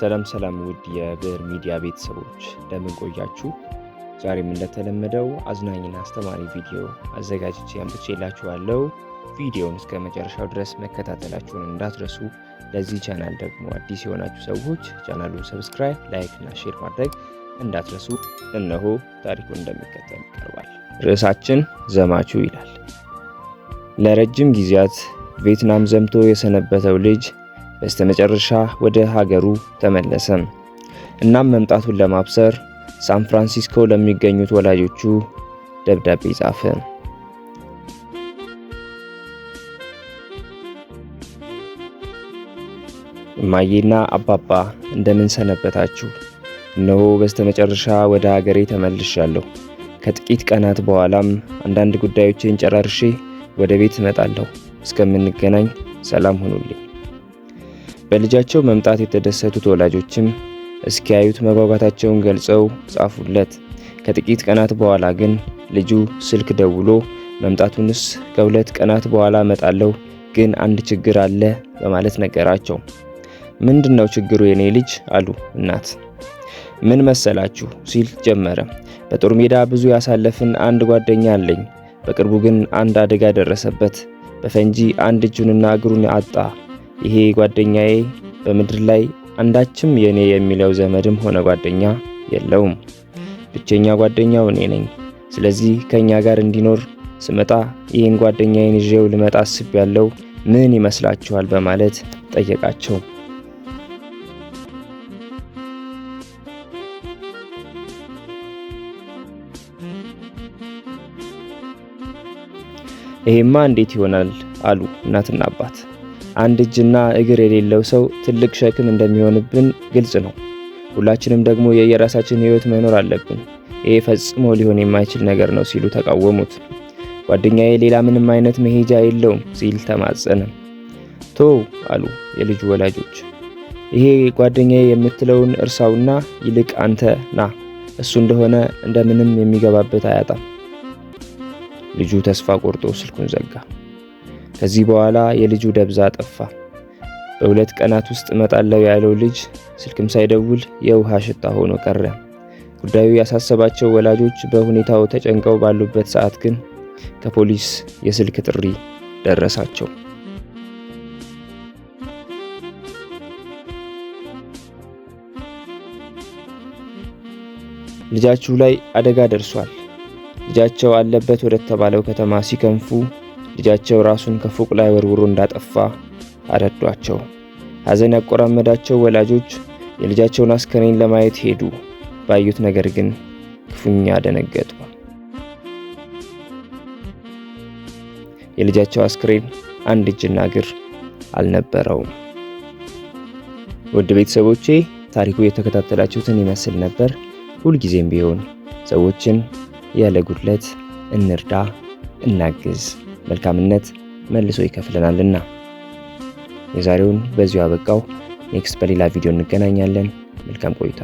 ሰላም ሰላም ውድ የብዕር ሚዲያ ቤተሰቦች እንደምን ቆያችሁ? ዛሬም እንደተለመደው አዝናኝና አስተማሪ ቪዲዮ አዘጋጅቼ አምጥቼላችኋለሁ። ቪዲዮውን እስከ መጨረሻው ድረስ መከታተላችሁን እንዳትረሱ። ለዚህ ቻናል ደግሞ አዲስ የሆናችሁ ሰዎች ቻናሉን ሰብስክራይብ፣ ላይክ እና ሼር ማድረግ እንዳትረሱ። እነሆ ታሪኩ እንደሚከተል ይቀርባል። ርዕሳችን ዘማቹ ይላል። ለረጅም ጊዜያት ቪየትናም ዘምቶ የሰነበተው ልጅ በስተመጨረሻ ወደ ሀገሩ ተመለሰ። እናም መምጣቱን ለማብሰር ሳን ፍራንሲስኮ ለሚገኙት ወላጆቹ ደብዳቤ ጻፈ። እማዬና አባባ እንደምን ሰነበታችሁ? እነሆ በስተመጨረሻ ወደ ሀገሬ ተመልሻለሁ። ከጥቂት ቀናት በኋላም አንዳንድ ጉዳዮችን ጨራርሼ ወደ ቤት እመጣለሁ። እስከምንገናኝ ሰላም ሁኑልኝ። በልጃቸው መምጣት የተደሰቱት ወላጆችም እስኪያዩት መጓጓታቸውን ገልጸው ጻፉለት። ከጥቂት ቀናት በኋላ ግን ልጁ ስልክ ደውሎ መምጣቱንስ ከሁለት ቀናት በኋላ እመጣለሁ፣ ግን አንድ ችግር አለ በማለት ነገራቸው። ምንድን ነው ችግሩ የኔ ልጅ አሉ እናት። ምን መሰላችሁ ሲል ጀመረ። በጦር ሜዳ ብዙ ያሳለፍን አንድ ጓደኛ አለኝ። በቅርቡ ግን አንድ አደጋ ደረሰበት። በፈንጂ አንድ እጁንና እግሩን አጣ። ይሄ ጓደኛዬ በምድር ላይ አንዳችም የእኔ የሚለው ዘመድም ሆነ ጓደኛ የለውም። ብቸኛ ጓደኛው እኔ ነኝ። ስለዚህ ከእኛ ጋር እንዲኖር ስመጣ ይህን ጓደኛዬን ይዤው ልመጣ አስብ ያለው ምን ይመስላችኋል? በማለት ጠየቃቸው። ይሄማ እንዴት ይሆናል አሉ እናትና አባት። አንድ እጅና እግር የሌለው ሰው ትልቅ ሸክም እንደሚሆንብን ግልጽ ነው። ሁላችንም ደግሞ የየራሳችን ህይወት መኖር አለብን። ይሄ ፈጽሞ ሊሆን የማይችል ነገር ነው ሲሉ ተቃወሙት። ጓደኛዬ ሌላ ምንም አይነት መሄጃ የለውም ሲል ተማጸነ። ቶ አሉ የልጁ ወላጆች። ይሄ ጓደኛዬ የምትለውን እርሳውና ይልቅ አንተ ና፣ እሱ እንደሆነ እንደምንም የሚገባበት አያጣም። ልጁ ተስፋ ቆርጦ ስልኩን ዘጋ። ከዚህ በኋላ የልጁ ደብዛ ጠፋ። በሁለት ቀናት ውስጥ እመጣለሁ ያለው ልጅ ስልክም ሳይደውል የውሃ ሽታ ሆኖ ቀረ። ጉዳዩ ያሳሰባቸው ወላጆች በሁኔታው ተጨንቀው ባሉበት ሰዓት ግን ከፖሊስ የስልክ ጥሪ ደረሳቸው። ልጃችሁ ላይ አደጋ ደርሷል፣ ልጃቸው አለበት ወደተባለው ከተማ ሲከንፉ ልጃቸው ራሱን ከፎቅ ላይ ወርውሮ እንዳጠፋ አረዷቸው። ሐዘን ያቆራመዳቸው ወላጆች የልጃቸውን አስከሬን ለማየት ሄዱ። ባዩት ነገር ግን ክፉኛ ደነገጡ። የልጃቸው አስክሬን አንድ እጅና እግር አልነበረውም። ውድ ቤተሰቦቼ ታሪኩ የተከታተላችሁትን ይመስል ነበር። ሁልጊዜም ቢሆን ሰዎችን ያለ ጉድለት እንርዳ፣ እናግዝ። መልካምነት መልሶ ይከፍለናልና። የዛሬውን በዚሁ አበቃው። ኔክስት በሌላ ቪዲዮ እንገናኛለን። መልካም ቆይታ